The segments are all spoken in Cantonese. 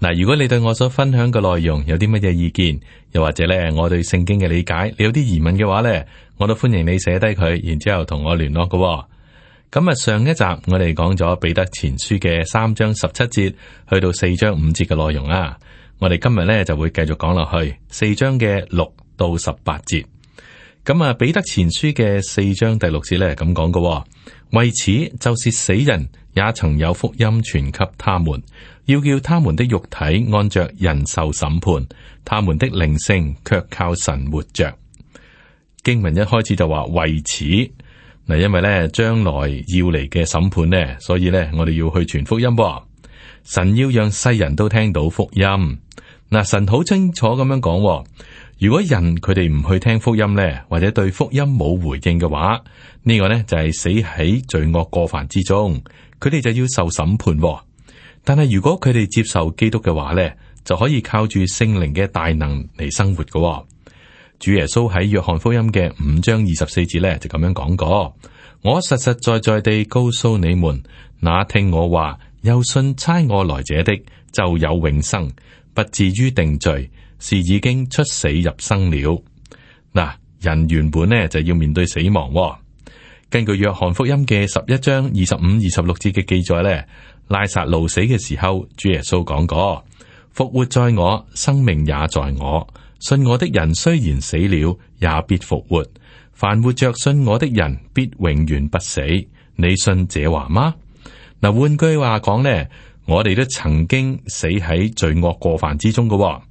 嗱，如果你對我所分享嘅內容有啲乜嘢意見，又或者咧我對聖經嘅理解你有啲疑問嘅話咧，我都歡迎你寫低佢，然之後同我聯絡嘅。咁啊，上一集我哋講咗彼得前書嘅三章十七節去到四章五節嘅內容啊，我哋今日咧就會繼續講落去四章嘅六到十八節。咁啊，彼得前書嘅四章第六節咧係咁講嘅，為此，就是死人。也曾有福音傳給他們，要叫他們的肉體按着人受審判，他們的靈性卻靠神活着。經文一開始就話為此，嗱，因為咧將來要嚟嘅審判呢，所以咧我哋要去傳福音喎。神要讓世人都聽到福音。嗱，神好清楚咁樣講喎。如果人佢哋唔去聽福音咧，或者對福音冇回應嘅話，呢、這個咧就係死喺罪惡過犯之中，佢哋就要受審判，哦。但係如果佢哋接受基督嘅話咧，就可以靠住聖靈嘅大能嚟生活嘅，哦。主耶穌喺約翰福音嘅五章二十四節咧就咁樣講過： 我實實在在地告訴你們，那聽我話、又信差我來者的，就有永生，不至於定罪。是已經出死入生了。嗱，人原本呢就要面對死亡。根據約翰福音嘅十一章二十五、二十六節嘅記載呢，拉撒路死嘅時候，主耶穌講過，復活在我，生命也在我。信我的人雖然死了，也必復活；凡活着信我的人，必永遠不死。你信這話嗎？嗱，換句話講呢，我哋都曾經死喺罪惡過犯之中噶。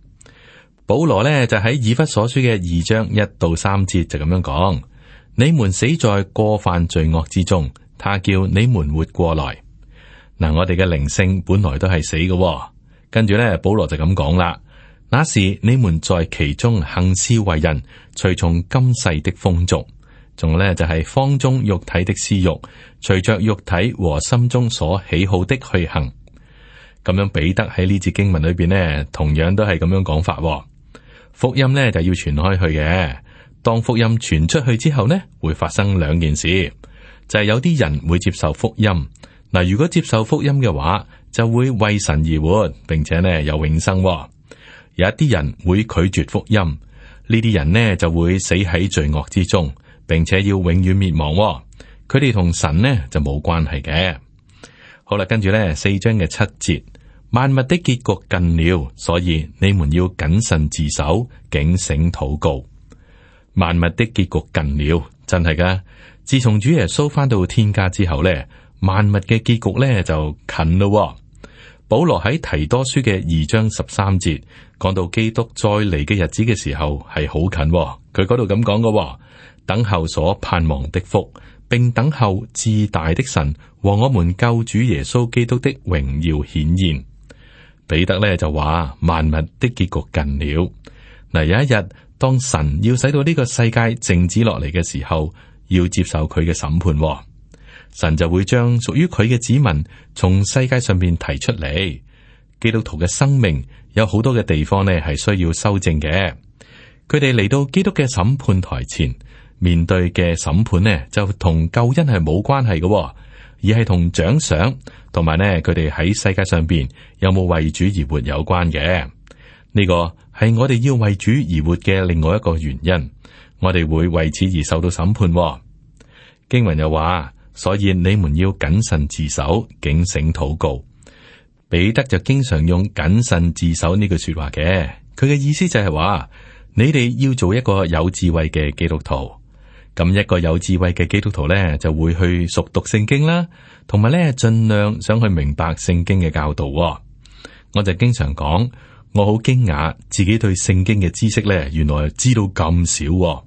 保羅呢就喺《以弗所書》嘅二章一到三節就咁樣講：你們死在過犯罪惡之中，他叫你們活過來。嗱、嗯，我哋嘅靈性本來都係死嘅、哦，跟住呢，保羅就咁講啦。那時你們在其中行事為人，隨從今世的風俗，仲呢就係放縱肉體的私欲，隨着肉體和心中所喜好的去行。咁樣，彼得喺呢節經文裏邊呢，同樣都係咁樣講法、哦。福音咧，就要傳開去嘅，當福音傳出去之後呢，會發生兩件事，就係、是、有啲人會接受福音。嗱，如果接受福音嘅話，就會為神而活，並且呢，有永生、哦。有一啲人會拒絕福音，呢啲人呢，就會死喺罪惡之中，並且要永遠滅亡、哦。佢哋同神呢，就冇關係嘅。好啦，跟住呢，四章嘅七節。萬物的結局近了，所以你們要謹慎自守，警醒禱告。萬物的結局近了，真係噶。自從主耶穌翻到天家之後呢，萬物嘅結局呢就近咯。保羅喺提多書嘅二章十三節講到基督再嚟嘅日子嘅時候係好近。佢嗰度咁講嘅，等候所盼望的福，並等候至大的神和我們救主耶穌基督的榮耀顯現。彼得咧就話：萬物的結局近了。嗱，有一日，當神要使到呢個世界靜止落嚟嘅時候，要接受佢嘅審判，哦，神就會將屬於佢嘅子民從世界上面提出嚟。基督徒嘅生命有好多嘅地方呢係需要修正嘅。佢哋嚟到基督嘅審判台前，面對嘅審判呢就同救恩係冇關係嘅，哦。而係同獎賞同埋呢，佢哋喺世界上邊有冇為主而活有關嘅？呢個係我哋要為主而活嘅另外一個原因，我哋會為此而受到審判。經文又話，所以你們要謹慎自守，警醒禱告。彼得就經常用謹慎自守呢句說話嘅，佢嘅意思就係話，你哋要做一個有智慧嘅基督徒。咁一個有智慧嘅基督徒呢，就會去熟讀聖經啦，同埋呢盡量想去明白聖經嘅教導、哦。我就經常講，我好驚訝自己對聖經嘅知識呢，原來知道咁少、哦。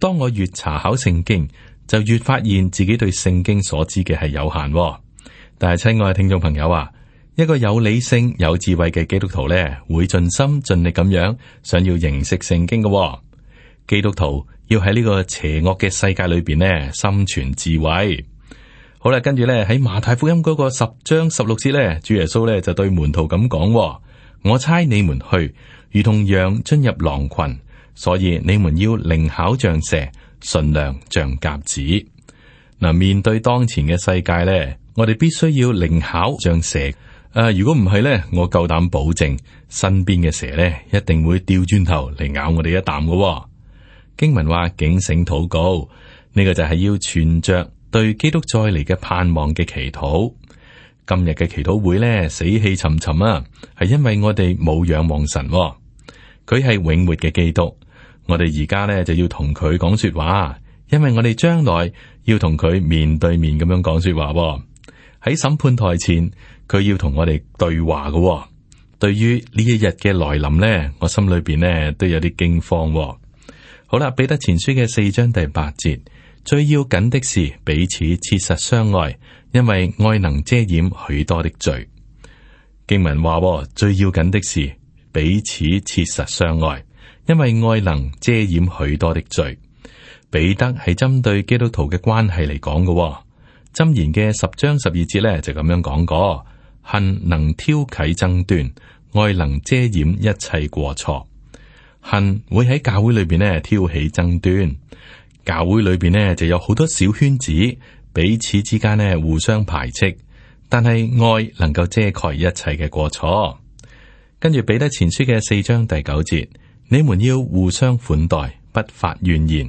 當我越查考聖經，就越發現自己對聖經所知嘅係有限、哦。但係親愛嘅聽眾朋友啊，一個有理性、有智慧嘅基督徒呢，會盡心盡力咁樣想要認識聖經嘅、哦、基督徒。要喺呢個邪惡嘅世界裏邊呢，心存智慧。好啦，跟住呢，喺馬太福音嗰個十章十六節呢，主耶穌呢就對門徒咁講：我差你們去，如同羊進入狼群，所以你們要靈巧像蛇，馴良像鴿子。嗱，面對當前嘅世界呢，我哋必須要靈巧像蛇。誒、啊，如果唔係呢，我夠膽保證，身邊嘅蛇呢，一定會掉轉頭嚟咬我哋一啖噶。經文話警醒禱告，呢、這個就係要存着對基督再嚟嘅盼望嘅祈禱。今日嘅祈禱會呢，死氣沉沉啊，係因為我哋冇仰望神、哦，佢係永活嘅基督。我哋而家呢就要同佢講說話，因為我哋將來要同佢面對面咁樣講說話喺、哦、審判台前，佢要同我哋對話㗎、哦。對於呢一日嘅來臨呢，我心裏邊呢都有啲驚慌、哦。好啦，彼得前書嘅四章第八節，最要緊的是彼此切實相愛，因為愛能遮掩許多的罪。經文話最要緊的是彼此切實相愛，因為愛能遮掩許多的罪。彼得係針對基督徒嘅關係嚟講嘅。箴言嘅十章十二節咧就咁樣講過：恨能挑啟爭端，愛能遮掩一切過錯。恨會喺教會裏邊呢挑起爭端，教會裏邊呢就有好多小圈子，彼此之間呢互相排斥。但係愛能夠遮蓋一切嘅過錯。跟住彼得前書嘅四章第九節，你們要互相款待，不發怨言。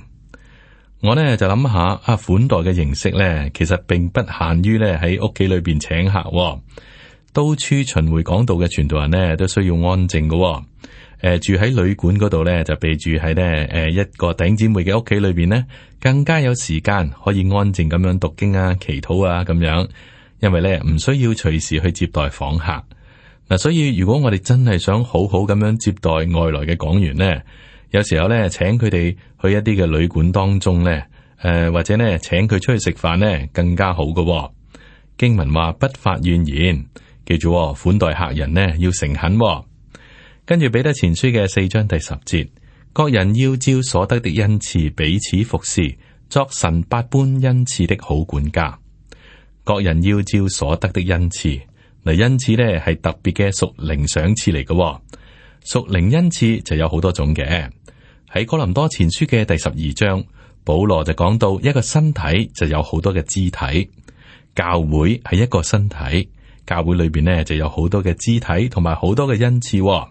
我呢就諗下啊，款待嘅形式呢其實並不限於呢喺屋企裏邊請客、哦，到處巡回講道嘅傳道人呢，都需要安靜噶、哦。誒、呃，住喺旅館嗰度咧，就比住喺咧誒一個頂姐妹嘅屋企裏邊咧，更加有時間可以安靜咁樣讀經啊、祈禱啊咁樣。因為咧唔需要隨時去接待訪客嗱、啊，所以如果我哋真係想好好咁樣接待外來嘅港員咧，有時候咧請佢哋去一啲嘅旅館當中咧，誒、呃、或者咧請佢出去食飯咧，更加好噶、啊。經文話不發怨言，記住、哦、款待客人咧要誠懇、啊。跟住彼得前書嘅四章第十節，各人要照所得的恩賜彼此服侍，作神百般恩賜的好管家。各人要照所得的恩賜嗱，恩賜咧係特別嘅屬靈賞賜嚟嘅。屬靈恩賜就有好多種嘅。喺哥林多前書嘅第十二章，保羅就講到一個身體就有好多嘅肢體，教會係一個身體，教會裏邊呢就有好多嘅肢體、哦，同埋好多嘅恩賜。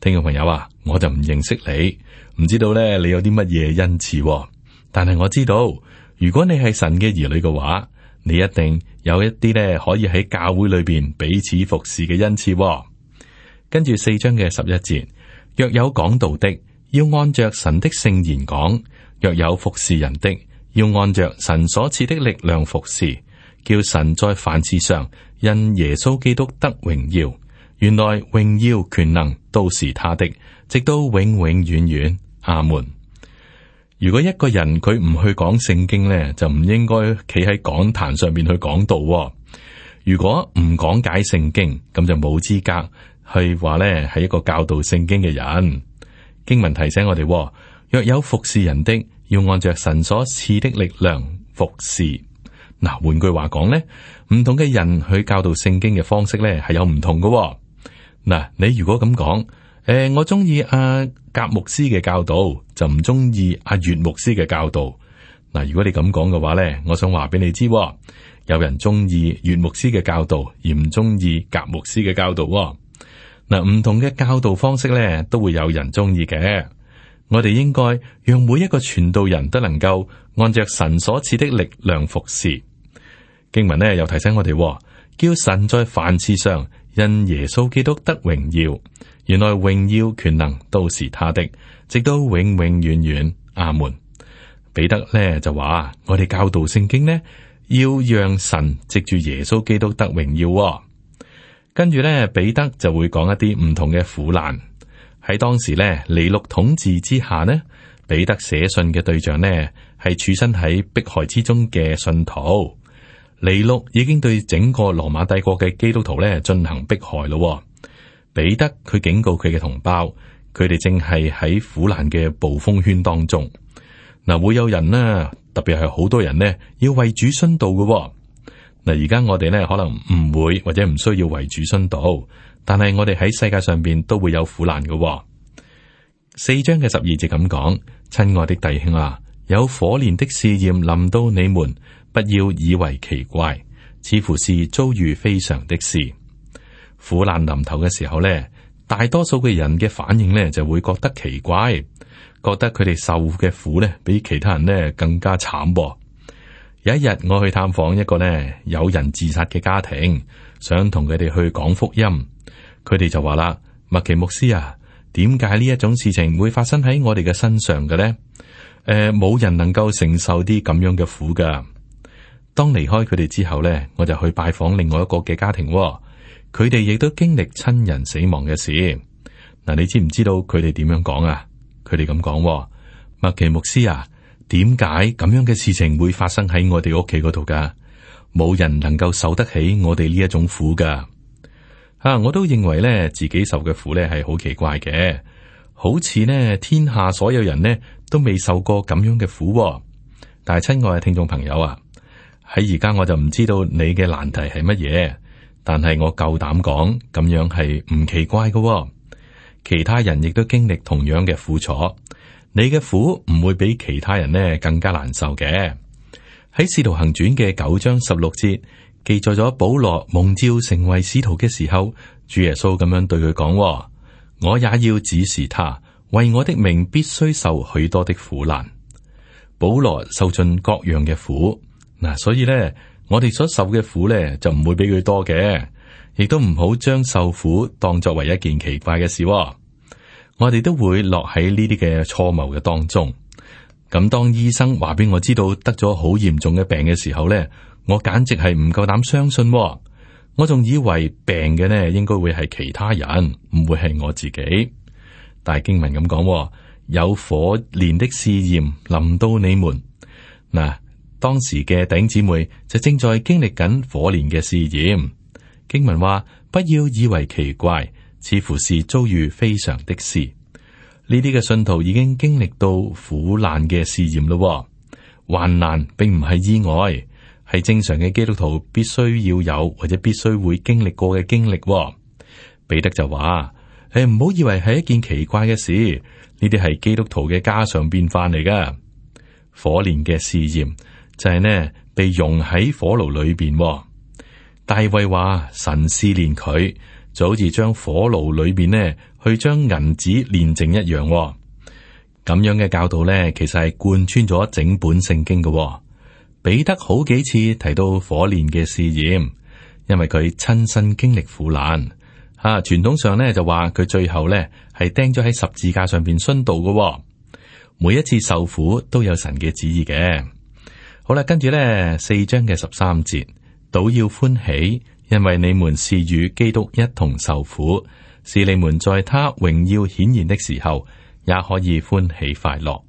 聽眾朋友啊，我就唔認識你，唔知道呢，你有啲乜嘢恩賜。但係我知道，如果你係神嘅兒女嘅話，你一定有一啲呢，可以喺教會裏邊彼此服侍嘅恩賜。跟住四章嘅十一節，若有講道的，要按着神的聖言講；若有服侍人的，要按着神所賜的力量服侍，叫神在凡事上因耶穌基督得榮耀。原來榮耀權能。都是他的，直到永永遠遠。阿門。如果一個人佢唔去講聖經呢，就唔應該企喺講壇上面去講道，哦。如果唔講解聖經，咁就冇資格去話呢，係一個教導聖經嘅人。經文提醒我哋，若有服侍人的，要按着神所賜的力量服侍。嗱，換句話講呢，唔同嘅人去教導聖經嘅方式呢，哦，係有唔同嘅。嗱，你如果咁講，誒、呃，我中意阿格牧師嘅教導，就唔中意阿月牧師嘅教導。嗱，如果你咁講嘅話咧，我想話俾你知，有人中意月牧師嘅教導而唔中意格牧師嘅教導。嗱，唔、嗯、同嘅教導方式咧，都會有人中意嘅。我哋應該讓每一個傳道人都能夠按着神所賜的力量服侍。經文咧又提醒我哋，叫神在凡事上。因耶穌基督得榮耀，原來榮耀權,權能都是他的，直到永永遠遠。阿門。彼得咧就話：，我哋教導聖經呢，要讓神藉住耶穌基督得榮耀、哦。跟住咧，彼得就會講一啲唔同嘅苦難。喺當時咧，尼禄統治之下呢，彼得寫信嘅對象呢，係處身喺迫害之中嘅信徒。尼祿已經對整個羅馬帝國嘅基督徒咧進行迫害咯，哦。彼得佢警告佢嘅同胞，佢哋正係喺苦難嘅暴風圈當中。嗱，會有人呢，特別係好多人呢，要為主殉道嘅，哦。嗱，而家我哋咧可能唔會或者唔需要為主殉道，但係我哋喺世界上邊都會有苦難嘅。四章嘅十二節咁講，親愛嘅弟兄啊，有火煉的試驗臨到你們。不要以為奇怪，似乎是遭遇非常的事。苦難臨頭嘅時候呢，大多數嘅人嘅反應呢，就會覺得奇怪，覺得佢哋受嘅苦呢比其他人呢更加慘。有一日，我去探訪一個呢有人自殺嘅家庭，想同佢哋去講福音，佢哋就話啦：麥奇牧師啊，點解呢一種事情會發生喺我哋嘅身上嘅呢？誒、呃，冇人能夠承受啲咁樣嘅苦噶。當離開佢哋之後呢，我就去拜訪另外一個嘅家庭。佢哋亦都經歷親人死亡嘅事。嗱，你知唔知道佢哋點樣講啊？佢哋咁講：麥奇牧師啊，點解咁樣嘅事情會發生喺我哋屋企嗰度噶？冇人能夠受得起我哋呢一種苦噶。啊，我都認為呢，自己受嘅苦呢係好奇怪嘅，好似呢天下所有人呢都未受過咁樣嘅苦。但係，親愛嘅聽眾朋友啊。喺而家我就唔知道你嘅難題係乜嘢，但係我夠膽講，咁樣係唔奇怪嘅、哦。其他人亦都經歷同樣嘅苦楚，你嘅苦唔會比其他人呢更加難受嘅。喺《使徒行傳》嘅九章十六節記載咗保羅蒙召成為使徒嘅時候，主耶穌咁樣對佢講：我也要指示他，為我的名必須受許多的苦難。保羅受盡各樣嘅苦。嗱，所以咧，我哋所受嘅苦咧，就唔會比佢多嘅，亦都唔好將受苦當作為一件奇怪嘅事。我哋都會落喺呢啲嘅錯謬嘅當中。咁當醫生話俾我知道得咗好嚴重嘅病嘅時候咧，我簡直係唔夠膽相信。我仲以為病嘅呢應該會係其他人，唔會係我自己。但係經文咁講，有火煉的試驗臨到你們嗱。當時嘅弟兄姊妹就正在經歷緊火煉嘅試驗。經文話：，不要以為奇怪，似乎是遭遇非常的事。呢啲嘅信徒已經經歷到苦難嘅試驗咯。患難並唔係意外，係正常嘅基督徒必須要有或者必須會經歷過嘅經歷。彼得就話：，誒、哎，唔好以為係一件奇怪嘅事，呢啲係基督徒嘅家常便飯嚟㗎。火煉嘅試驗。就係呢，被融喺火爐裏邊。大衛話神試煉佢，就好似將火爐裏邊呢去將銀子煉淨一樣、哦。咁樣嘅教導呢，其實係貫穿咗整本聖經嘅、哦。彼得好幾次提到火煉嘅試驗，因為佢親身經歷苦難啊。傳統上呢就話佢最後呢係釘咗喺十字架上邊殉道嘅、哦。每一次受苦都有神嘅旨意嘅。好啦，跟住咧，四章嘅十三節，倒要歡喜，因為你們是與基督一同受苦，是你們在他榮耀顯現的時候也可以歡喜快樂。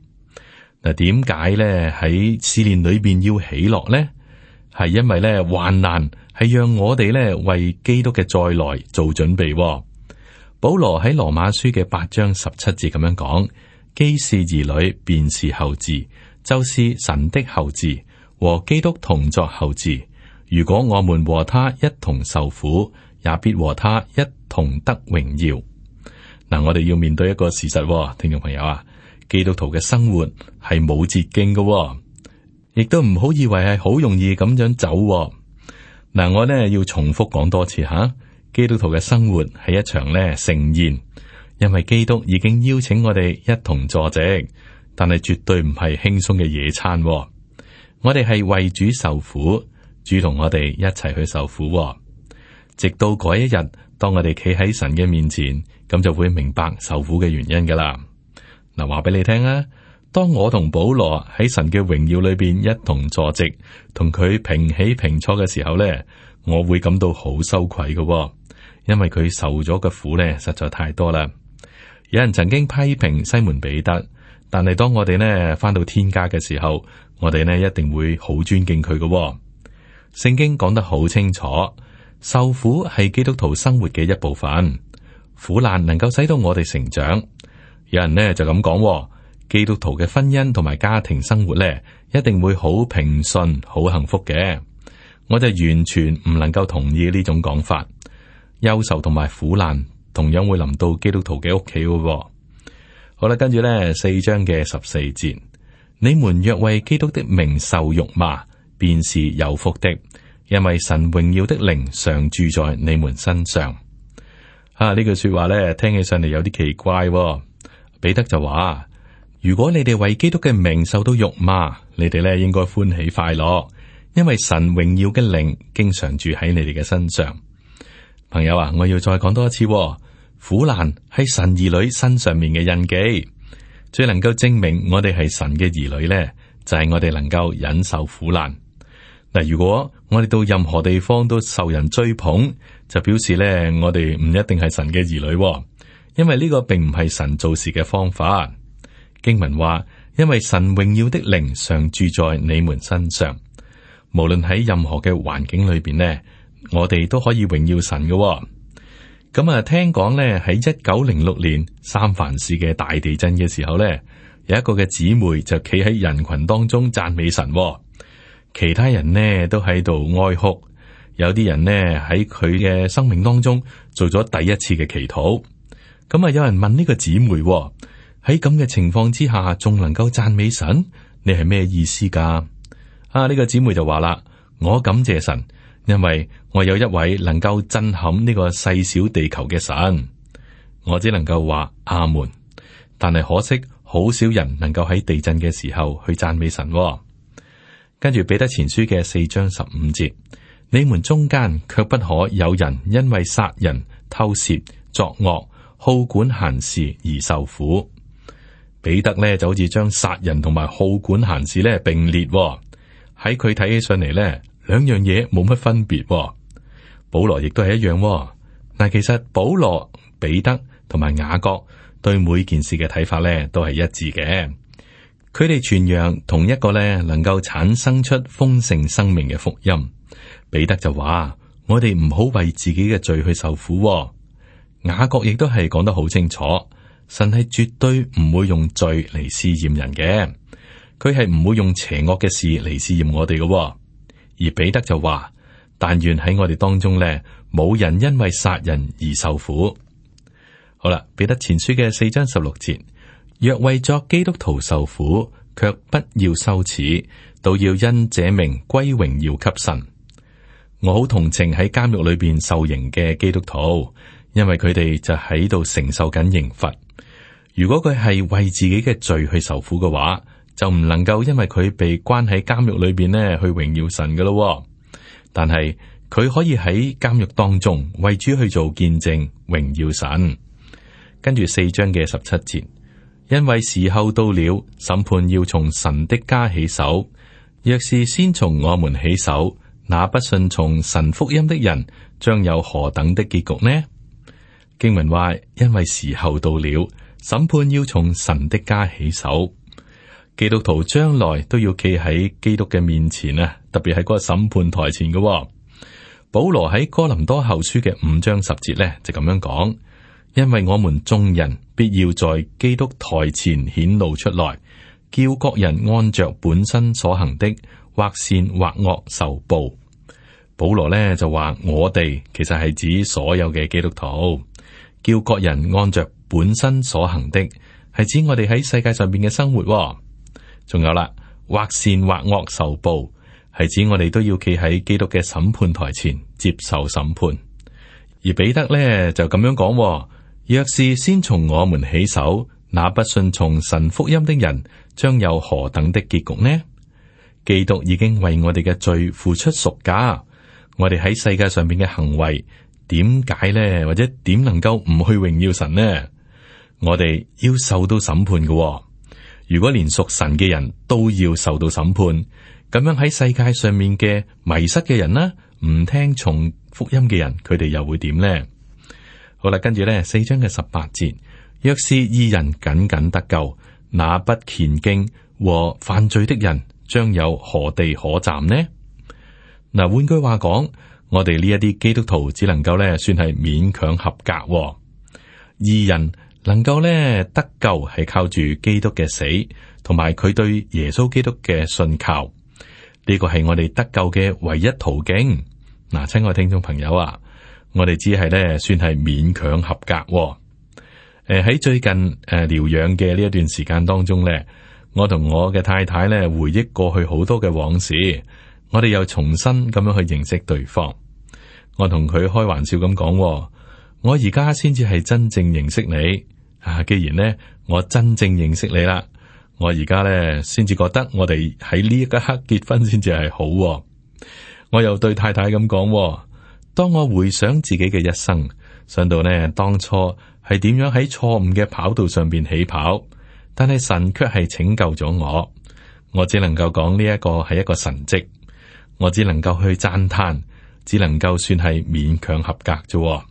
嗱、啊，點解咧？喺試煉裏邊要喜樂呢？係因為咧，患難係讓我哋咧為基督嘅再來做準備、哦。保羅喺羅馬書嘅八章十七節咁樣講：「既是兒女，便是後嗣，就是神的後嗣。」和基督同作後嗣，如果我們和他一同受苦，也必和他一同得榮耀。嗱、嗯，我哋要面對一個事實，聽眾朋友啊，基督徒嘅生活係冇捷徑嘅，亦都唔好以為係好容易咁樣走。嗱、嗯，我呢要重複講多次吓，基督徒嘅生活係一場呢盛宴，因為基督已經邀請我哋一同坐席，但係絕對唔係輕鬆嘅野餐。我哋係為主受苦，主同我哋一齊去受苦，哦，直到嗰一日，當我哋企喺神嘅面前，咁就會明白受苦嘅原因噶啦。嗱、啊，話俾你聽啊，當我同保羅喺神嘅榮耀裏邊一同坐席，同佢平起平坐嘅時候呢，我會感到好羞愧噶，哦，因為佢受咗嘅苦呢，實在太多啦。有人曾經批評西門彼得，但係當我哋呢翻到天家嘅時候，我哋呢一定會好尊敬佢嘅，哦，聖經講得好清楚，受苦係基督徒生活嘅一部分，苦難能夠使到我哋成長。有人呢就咁講，哦，基督徒嘅婚姻同埋家庭生活呢，一定會好平順、好幸福嘅。我就完全唔能夠同意呢種講法。憂愁同埋苦難同樣會臨到基督徒嘅屋企嘅。好啦，跟住呢四章嘅十四節。你們若為基督的名受辱罵，便是有福的，因為神榮耀的靈常住在你們身上。啊，呢句說話咧，聽起上嚟有啲奇怪喎。彼得就話：如果你哋為基督嘅名受到辱罵，你哋咧應該歡喜快樂，因為神榮耀嘅靈經常住喺你哋嘅身上。朋友啊，我要再講多一次喎，苦難係神兒女身上面嘅印記。最能夠證明我哋係神嘅兒女呢，就係我哋能夠忍受苦難。嗱，如果我哋到任何地方都受人追捧，就表示呢，我哋唔一定係神嘅兒女，因為呢個並唔係神做事嘅方法。經文話，因為神榮耀的靈常住在你們身上，無論喺任何嘅環境裏邊呢，我哋都可以榮耀神嘅。咁啊，聽講咧喺一九零六年三藩市嘅大地震嘅時候咧，有一個嘅姊妹就企喺人群當中讚美神。哦，其他人呢，都喺度哀哭，有啲人呢，喺佢嘅生命當中做咗第一次嘅祈禱。咁、嗯、啊，有人問呢個姊妹喺咁嘅情況之下，仲能夠讚美神，你係咩意思噶？啊、呢、這個姊妹就話啦，我感謝神，因為。我有一位能夠震撼呢個細小地球嘅神，我只能夠話阿門。但係可惜，好少人能夠喺地震嘅時候去讚美神喎。跟住彼得前書嘅四章十五節，你們中間卻不可有人因為殺人、偷竊、作惡、好管閒事而受苦。彼得呢就好似將殺人同埋好管閒事呢並列喎、哦，喺佢睇起上嚟呢，兩樣嘢冇乜分別喎。保羅亦都係一樣，哦，但其實保羅、彼得同埋雅各對每件事嘅睇法咧都係一致嘅。佢哋傳揚同一個咧能夠產生出豐盛生命嘅福音。彼得就話：我哋唔好為自己嘅罪去受苦，哦。雅各亦都係講得好清楚，神係絕對唔會用罪嚟試驗人嘅，佢係唔會用邪惡嘅事嚟試驗我哋嘅，哦。而彼得就話。但願喺我哋當中呢，冇人因為殺人而受苦。好啦，彼得前書嘅四章十六節：若為作基督徒受苦，卻不要羞恥，倒要因這名歸榮耀給神。我好同情喺監獄裏邊受刑嘅基督徒，因為佢哋就喺度承受緊刑罰。如果佢係為自己嘅罪去受苦嘅話，就唔能夠因為佢被關喺監獄裏邊呢去榮耀神噶咯。但係佢可以喺監獄當中為主去做見證，榮耀神。跟住四章嘅十七節，因為時候到了，審判要從神的家起手。若是先從我們起手，那不信從神福音的人將有何等的結局呢？經文話，因為時候到了，審判要從神的家起手。基督徒將來都要企喺基督嘅面前啊，特別係嗰個審判台前嘅、哦。保羅喺哥林多後書嘅五章十節呢，就咁樣講：因為我們眾人必要在基督台前顯露出來，叫各人按着本身所行的，或善或惡受報。保羅呢，就話我哋其實係指所有嘅基督徒，叫各人按着本身所行的，係指我哋喺世界上面嘅生活、哦。仲有啦，或善或惡受報，係指我哋都要企喺基督嘅審判台前接受審判。而彼得咧就咁樣講：若是先從我們起首，那不信從神福音的人將有何等的結局呢？基督已經為我哋嘅罪付出贖價，我哋喺世界上面嘅行為點解呢？或者點能夠唔去榮耀神呢？我哋要受到審判嘅哦。如果連屬神嘅人都要受到審判，咁樣喺世界上面嘅迷失嘅人啦，唔聽從福音嘅人，佢哋又會點呢？好啦，跟住咧四章嘅十八節，若是義人僅僅得救，那不虔敬和犯罪的人，將有何地可站呢？嗱，換句話講，我哋呢一啲基督徒只能夠咧，算係勉強合格喎，義人。能夠咧得救係靠住基督嘅死，同埋佢對耶穌基督嘅信靠，呢個係我哋得救嘅唯一途徑。嗱、啊，親愛聽眾朋友啊，我哋只係咧算係勉強合格，哦。誒、呃、喺最近誒療養嘅呢一段時間當中咧，我同我嘅太太咧回憶過去好多嘅往事，我哋又重新咁樣去認識對方。我同佢開玩笑咁講，哦。我而家先至係真正認識你啊。既然呢，我真正認識你啦，我而家呢先至覺得我哋喺呢一刻結婚先至係好啊。我又對太太咁講啊：當我回想自己嘅一生，想到呢當初係點樣喺錯誤嘅跑道上邊起跑，但係神卻係拯救咗我。我只能夠講呢一個係一個神蹟，我只能夠去讚嘆，只能夠算係勉強合格啫啊。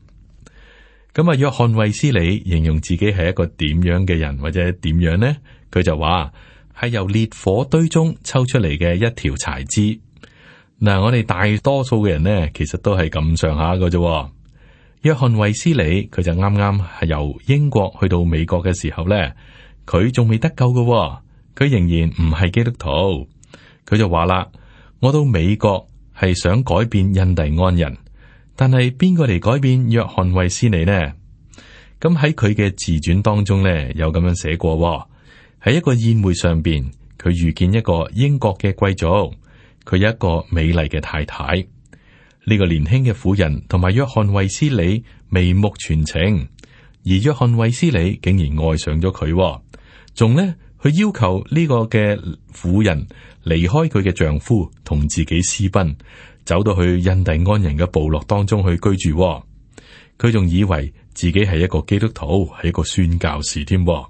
咁啊，約翰衛斯理形容自己係一個點樣嘅人，或者點樣咧？佢就話係由烈火堆中抽出嚟嘅一條柴枝。嗱，我哋大多數嘅人咧，其實都係咁上下嘅啫。約翰衛斯理佢就啱啱係由英國去到美國嘅時候咧，佢仲未得救嘅，佢仍然唔係基督徒。佢就話啦，我到美國係想改變印第安人。但係邊個嚟改變約翰衛斯理呢？咁喺佢嘅自傳當中呢，有咁樣寫過喎、哦。喺一個宴會上邊，佢遇見一個英國嘅貴族，佢有一個美麗嘅太太。呢、這個年輕嘅婦人同埋約翰衛斯理眉目傳情，而約翰衛斯理竟然愛上咗佢、哦，仲呢，佢要求呢個嘅婦人離開佢嘅丈夫，同自己私奔。走到去印第安人嘅部落當中去居住、哦，佢仲以為自己係一個基督徒，係一個宣教士添。呢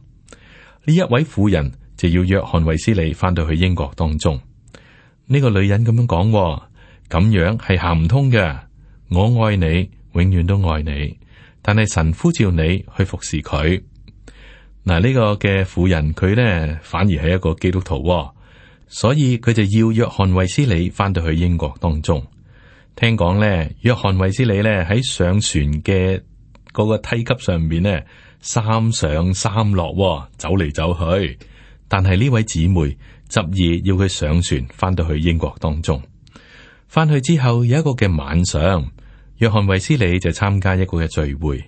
一位婦人就要約翰衛斯理翻到去英國當中，呢、這個女人咁、哦、樣講，咁樣係行唔通嘅。我愛你，永遠都愛你，但係神呼召你去服侍佢。嗱、這、呢個嘅婦人佢咧反而係一個基督徒、哦。所以佢就要約翰衛斯理翻到去英國當中。聽講咧，約翰衛斯理咧喺上船嘅嗰個梯級上面咧，三上三落，哦，走嚟走去。但係呢位姊妹執意要佢上船翻到去英國當中。翻去之後有一個嘅晚上，約翰衛斯理就參加一個嘅聚會，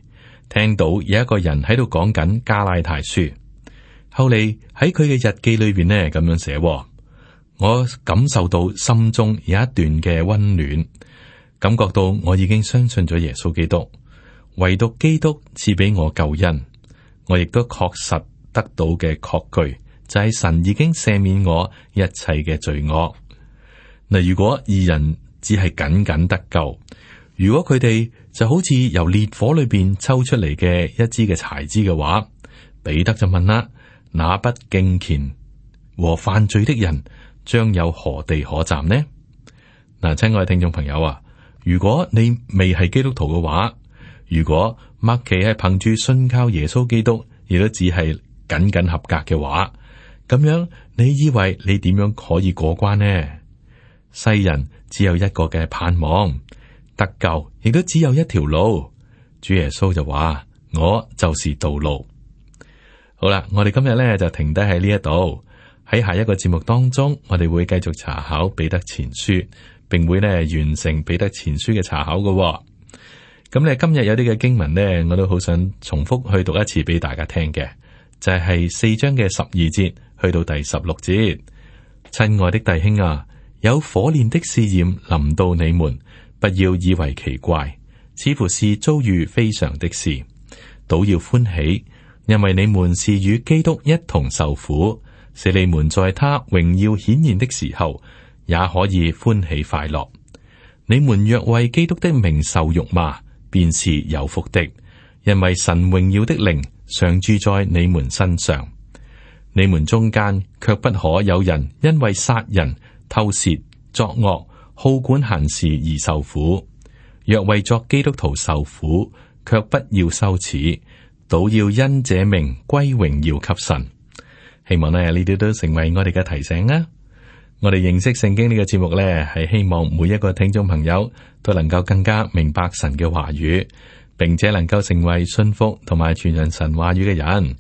聽到有一個人喺度講緊加拉太書。後嚟喺佢嘅日記裏邊咧，咁樣寫，哦。我感受到心中有一段嘅溫暖，感覺到我已經相信咗耶穌基督，唯獨基督賜俾我救恩，我亦都確實得到嘅確據就係神已經赦免我一切嘅罪惡。嗱，如果二人只係僅僅得救，如果佢哋就好似由烈火裏邊抽出嚟嘅一支嘅柴枝嘅話，彼得就問啦：那不敬虔和犯罪的人？將有何地可站呢？嗱，親愛的聽眾朋友啊，如果你未係基督徒嘅話，如果默記係憑住信靠耶穌基督，亦都只係僅僅合格嘅話，咁樣你以為你點樣可以過關呢？世人只有一個嘅盼望，得救，亦都只有一條路。主耶穌就話：「我就是道路。」好啦，我哋今日咧就停低喺呢一度。喺下一個節目當中，我哋會繼續查考彼得前書，並會咧完成彼得前書嘅查考嘅，哦。咁你今日有啲嘅經文呢，我都好想重複去讀一次俾大家聽嘅，就係、是，四章嘅十二節去到第十六節。親愛的弟兄啊，有火煉的試驗臨到你們，不要以為奇怪，似乎是遭遇非常的事，倒要歡喜，因為你們是與基督一同受苦。使你們在他榮耀顯現的時候，也可以歡喜快樂。你們若為基督的名受辱罵，便是有福的，因為神榮耀的靈常住在你們身上。你們中間卻不可有人因為殺人、偷竊、作惡、好管閒事而受苦。若為作基督徒受苦，卻不要羞恥，倒要因這名歸榮耀給神。希望呢，呢啲都成為我哋嘅提醒啊！我哋認識聖經呢個節目呢，係希望每一個聽眾朋友都能夠更加明白神嘅話語，並且能夠成為信服同埋傳人神話語嘅人。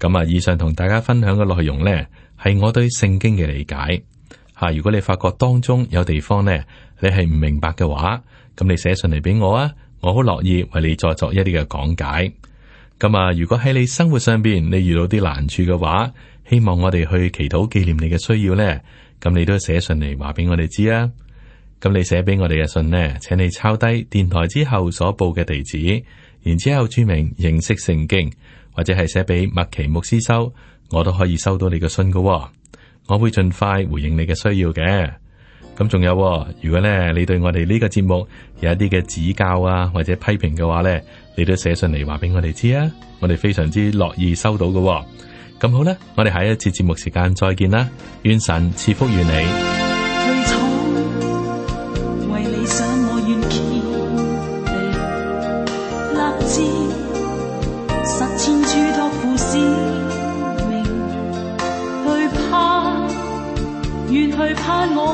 咁啊，以上同大家分享嘅內容呢，係我對聖經嘅理解。吓，如果你發覺當中有地方呢，你係唔明白嘅話，咁你寫信嚟俾我啊，我好樂意為你再作，作一啲嘅講解。咁啊，如果喺你生活上邊你遇到啲難處嘅話，希望我哋去祈禱紀念你嘅需要呢。咁你都寫信嚟話俾我哋知啊。咁你寫俾我哋嘅信呢，請你抄低電台之後所報嘅地址，然之後注明認識聖經，或者係寫俾麥奇牧師收，我都可以收到你嘅信噶喎。我會盡快回應你嘅需要嘅。咁仲有喎，如果咧你對我哋呢個節目有一啲嘅指教啊，或者批評嘅話呢，你都寫信嚟話俾我哋知啊，我哋非常之樂意收到噶喎。咁好啦，我哋下一次節目時間再見啦，願神賜福於你。你我立志實踐託付使命。去盼 去樂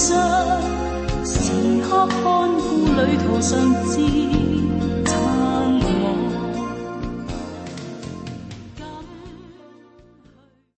時刻看顧旅途上知。